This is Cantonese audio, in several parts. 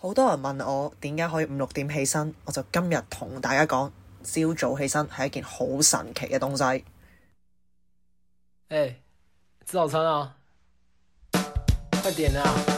好多人問我點解可以五六點起身，我就今日同大家講，朝早起身係一件好神奇嘅東西。誒、欸，吃早餐啊，快點啊！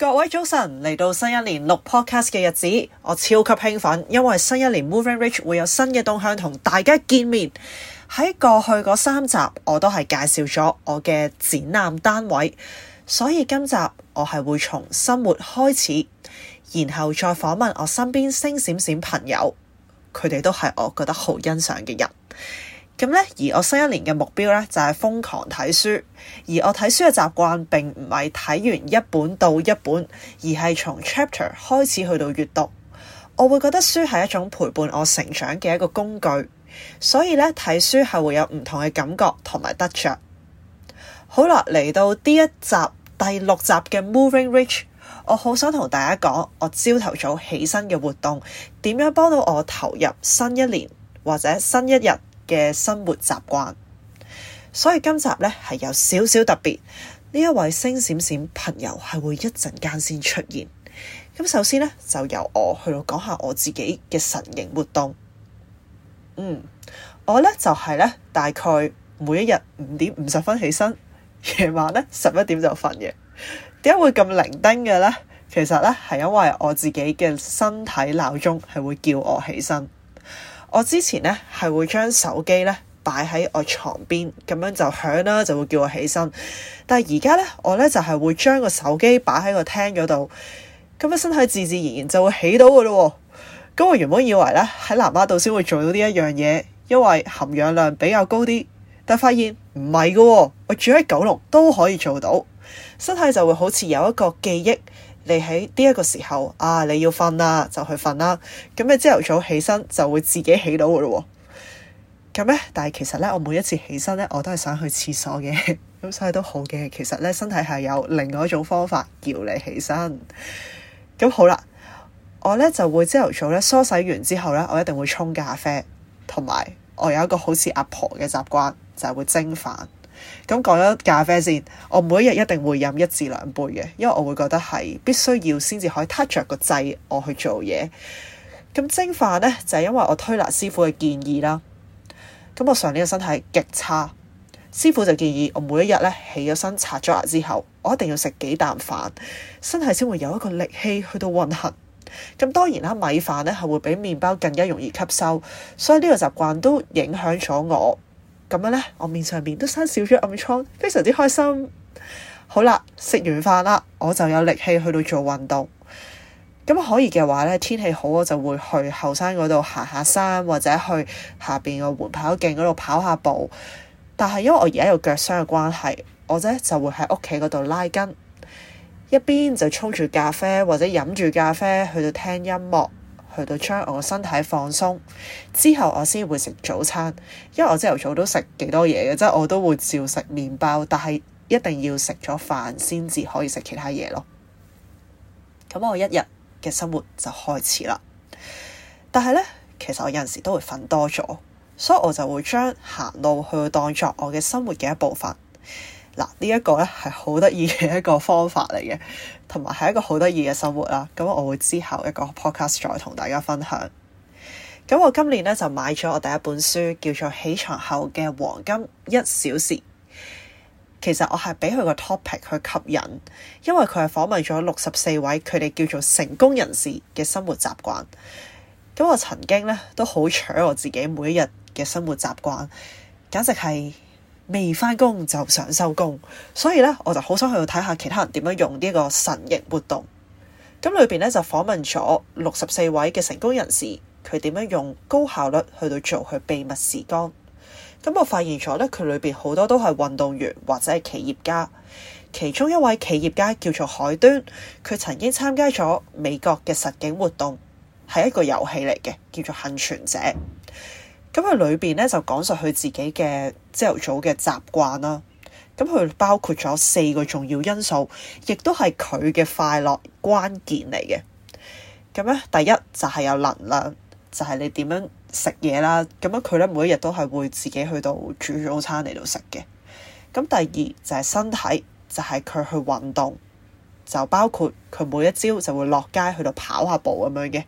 各位早晨，嚟到新一年錄 podcast 嘅日子，我超級興奮，因為新一年 Moving Reach 會有新嘅動向同大家見面。喺過去嗰三集，我都係介紹咗我嘅展覽單位，所以今集我係會從生活開始，然後再訪問我身邊星閃閃朋友，佢哋都係我覺得好欣賞嘅人。咁咧，而我新一年嘅目標咧就係瘋狂睇書。而我睇書嘅習慣並唔係睇完一本到一本，而係從 chapter 開始去到閱讀。我會覺得書係一種陪伴我成長嘅一個工具，所以咧睇書係會有唔同嘅感覺同埋得着。好啦，嚟到呢一集第六集嘅 Moving Reach，我好想同大家講，我朝頭早起身嘅活動點樣幫到我投入新一年或者新一日。嘅生活習慣，所以今集呢係有少少特別。呢一位星閃閃朋友係會一陣間先出現。咁首先呢，就由我去到講下我自己嘅晨型活動。嗯，我呢就係、是、呢，大概每一日五點五十分起身，夜晚呢十一點就瞓嘅。點解會咁伶仃嘅呢？其實呢，係因為我自己嘅身體鬧鐘係會叫我起身。我之前咧係會將手機咧擺喺我床邊，咁樣就響啦，就會叫我起身。但係而家咧，我咧就係會將個手機擺喺個廳嗰度，咁樣身體自自然然就會起到噶咯喎。咁我原本以為咧喺南丫島先會做到呢一樣嘢，因為含氧量比較高啲，但係發現唔係噶，我住喺九龍都可以做到，身體就會好似有一個記憶。你喺呢一個時候啊，你要瞓啦就去瞓啦，咁你朝頭早起身就會自己起到嘅咯，咁咧，但係其實咧，我每一次起身咧，我都係想去廁所嘅，咁 所以都好嘅。其實咧，身體係有另外一種方法叫你起身。咁好啦，我咧就會朝頭早咧梳洗完之後咧，我一定會沖咖啡，同埋我有一個好似阿婆嘅習慣，就係會蒸飯。咁講咗咖啡先，我每一日一定會飲一至兩杯嘅，因為我會覺得係必須要先至可以 touch 住個掣，我去做嘢。咁蒸飯呢，就係因為我推拿師傅嘅建議啦。咁我上年嘅身體極差，師傅就建議我每一日呢起咗身刷咗牙之後，我一定要食幾啖飯，身體先會有一個力氣去到運行。咁當然啦，米飯呢係會比麵包更加容易吸收，所以呢個習慣都影響咗我。咁樣咧，我面上面都生少咗暗瘡，非常之開心。好啦，食完飯啦，我就有力氣去到做運動。咁可以嘅話咧，天氣好，我就會去後山嗰度行下山，或者去下邊個緩跑徑嗰度跑下步。但係因為我而家有腳傷嘅關係，我咧就會喺屋企嗰度拉筋，一邊就沖住咖啡或者飲住咖啡去到聽音樂。去到將我個身體放鬆之後，我先會食早餐，因為我朝頭早都食幾多嘢嘅，即係我都會照食麵包，但係一定要食咗飯先至可以食其他嘢咯。咁我一日嘅生活就開始啦。但係呢，其實我有陣時都會瞓多咗，所以我就會將行路去當作我嘅生活嘅一部分。嗱，呢一個咧係好得意嘅一個方法嚟嘅，同埋係一個好得意嘅生活啦。咁我會之後一個 podcast 再同大家分享。咁我今年咧就買咗我第一本書，叫做《起床後嘅黃金一小時》。其實我係俾佢個 topic 去吸引，因為佢係訪問咗六十四位佢哋叫做成功人士嘅生活習慣。咁我曾經咧都好 check 我自己每一日嘅生活習慣，簡直係～未返工就想收工，所以咧我就好想去睇下其他人點樣用呢個晨型活動。咁裏邊咧就訪問咗六十四位嘅成功人士，佢點樣用高效率去到做佢秘密時光。咁我發現咗咧，佢裏邊好多都係運動員或者係企業家。其中一位企業家叫做海端，佢曾經參加咗美國嘅實景活動，係一個遊戲嚟嘅，叫做倖存者。咁佢裏邊咧就講述佢自己嘅朝頭早嘅習慣啦。咁佢包括咗四個重要因素，亦都係佢嘅快樂關鍵嚟嘅。咁咧，第一就係有能量，就係你點樣食嘢啦。咁樣佢咧每一日都係會自己去到煮早餐嚟到食嘅。咁第二就係身體，就係佢去運動，就包括佢每一朝就會落街去到跑下步咁樣嘅。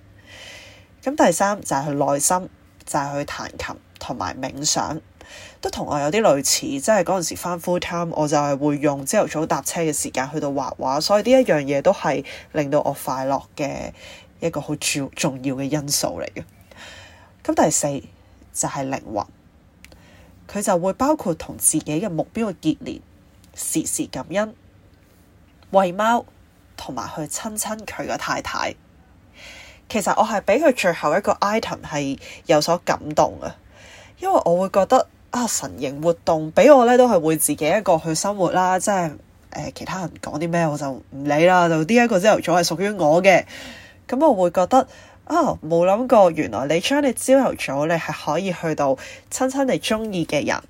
咁第三就係佢內心。就係去彈琴同埋冥想，都同我有啲類似，即係嗰陣時翻 full time，我就係會用朝頭早搭車嘅時間去到畫畫，所以呢一樣嘢都係令到我快樂嘅一個好重重要嘅因素嚟嘅。咁第四就係靈魂，佢就會包括同自己嘅目標嘅結連，時時感恩，餵貓，同埋去親親佢嘅太太。其實我係俾佢最後一個 item 係有所感動啊，因為我會覺得啊，晨型活動俾我咧都係會自己一個去生活啦，即係誒、呃、其他人講啲咩我就唔理啦，就呢一個朝頭早係屬於我嘅，咁我會覺得啊冇諗過原來你將你朝頭早你係可以去到親親你中意嘅人，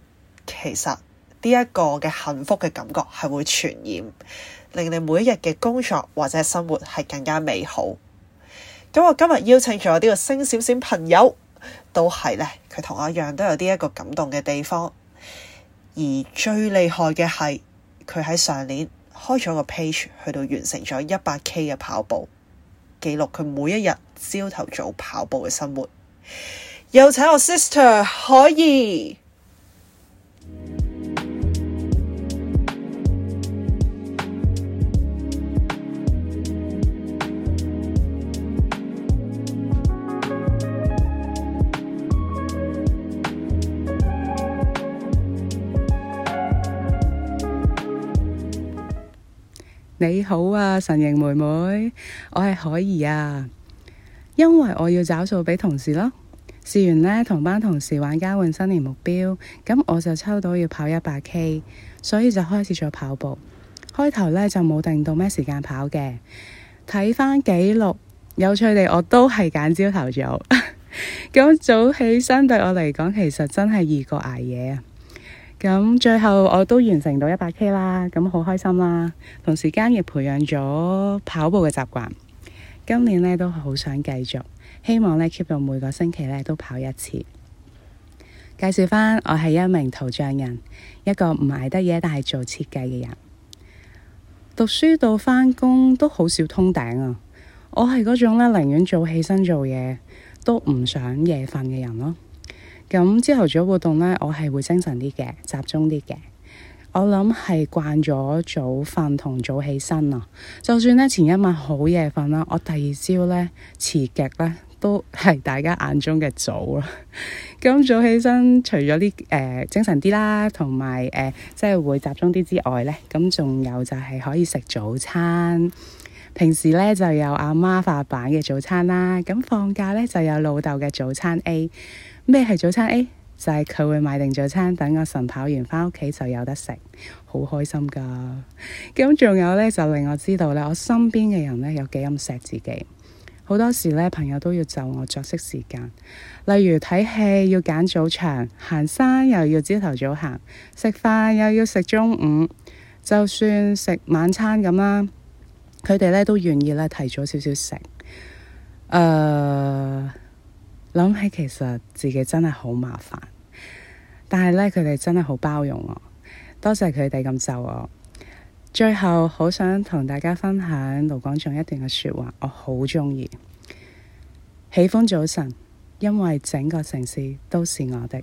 其實呢一個嘅幸福嘅感覺係會傳染，令你每一日嘅工作或者生活係更加美好。咁我今日邀請咗呢個星閃閃朋友，都係咧，佢同我一樣都有啲一個感動嘅地方。而最厲害嘅係，佢喺上年開咗個 page，去到完成咗一百 k 嘅跑步記錄，佢每一日朝頭早跑步嘅生活。有請我 sister Hoi Yee。你好啊，晨型妹妹，我係海怡啊，因為我要找數俾同事咯，試完呢，同班同事玩交換新年目標，咁我就抽到要跑一百 K，所以就開始咗跑步。開頭呢就冇定到咩時間跑嘅，睇翻記錄，有趣地我都係揀朝頭早，咁 早起身對我嚟講其實真係易過捱夜啊。咁最後我都完成到一百 K 啦，咁好開心啦。同時間亦培養咗跑步嘅習慣。今年呢都好想繼續，希望呢 keep 到每個星期呢都跑一次。介紹返我係一名圖像人，一個唔捱得夜但係做設計嘅人。讀書到返工都好少通頂啊！我係嗰種咧寧願早起身做嘢，都唔想夜瞓嘅人咯。咁朝頭早活動咧，我係會精神啲嘅，集中啲嘅。我諗係慣咗早瞓同早起身啊。就算咧前一晚好夜瞓啦、啊，我第二朝咧，遲極咧都係大家眼中嘅早， 早、呃、啦。咁早起身，除咗啲誒精神啲啦，同埋誒即係會集中啲之外咧，咁仲有就係可以食早餐。平時呢就有阿媽發版嘅早餐啦，咁放假呢就有老豆嘅早餐 A。咩係早餐 A？就係佢會買定早餐，等我晨跑完翻屋企就有得食，好開心噶。咁仲有呢，就令我知道呢我身邊嘅人呢有幾咁錫自己。好多時呢，朋友都要就我作息時間，例如睇戲要揀早場，行山又要朝頭早行，食飯又要食中午，就算食晚餐咁啦。佢哋咧都願意咧提早少少食，誒、uh, 諗起其實自己真係好麻煩，但係咧佢哋真係好包容我，多謝佢哋咁就我。最後好想同大家分享盧廣仲一段嘅説話，我好鍾意，喜歡早晨，因為整個城市都是我的。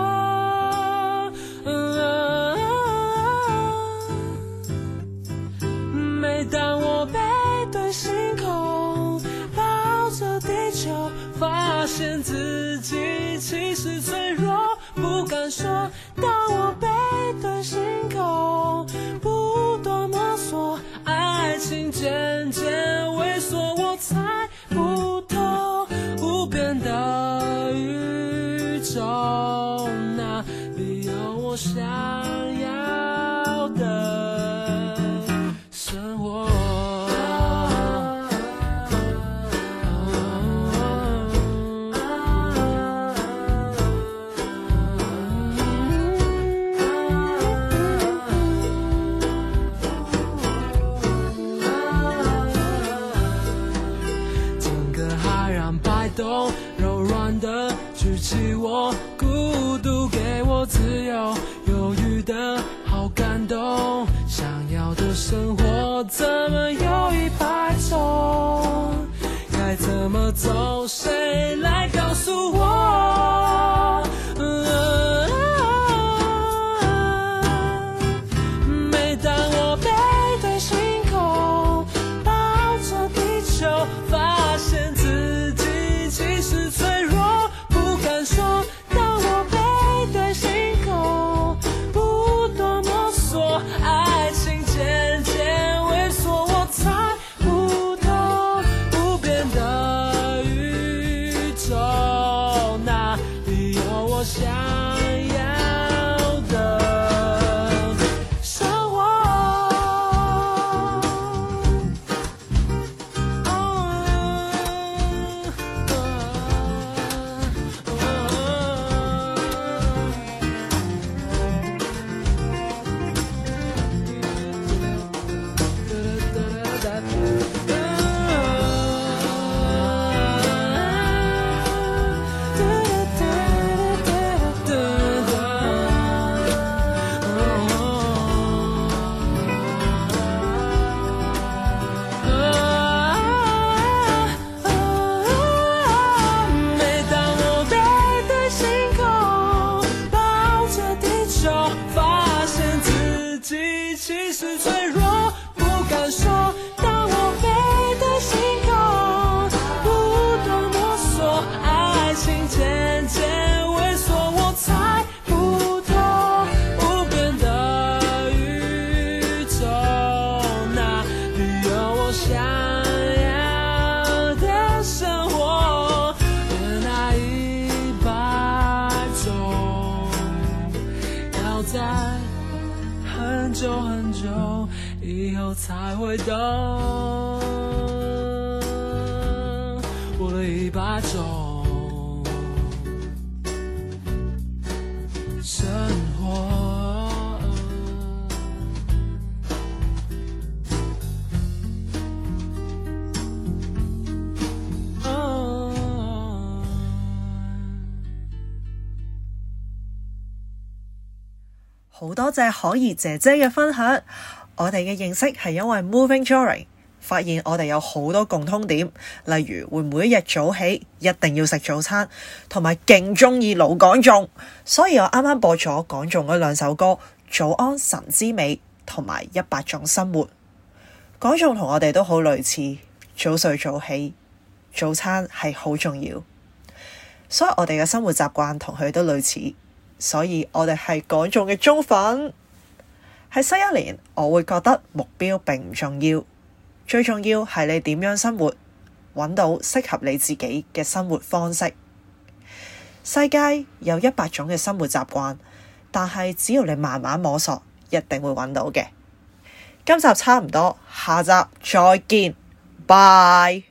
怎麼有一百種？該怎麼走？誰來？我哋一把手生活，好多謝可兒姐姐嘅分享。我哋嘅認識係因為 Moving Drawing 發現我哋有好多共通點，例如會每一日早起，一定要食早餐，同埋勁中意盧廣仲，所以我啱啱播咗廣仲嗰兩首歌《早安晨之美》同埋《一百種生活》。廣仲同我哋都好類似，早睡早起，早餐係好重要，所以我哋嘅生活習慣同佢都類似，所以我哋係廣仲嘅忠粉。喺新一年，我會覺得目標並唔重要，最重要係你點樣生活，揾到適合你自己嘅生活方式。世界有一百種嘅生活習慣，但係只要你慢慢摸索，一定會揾到嘅。今集差唔多，下集再見，拜。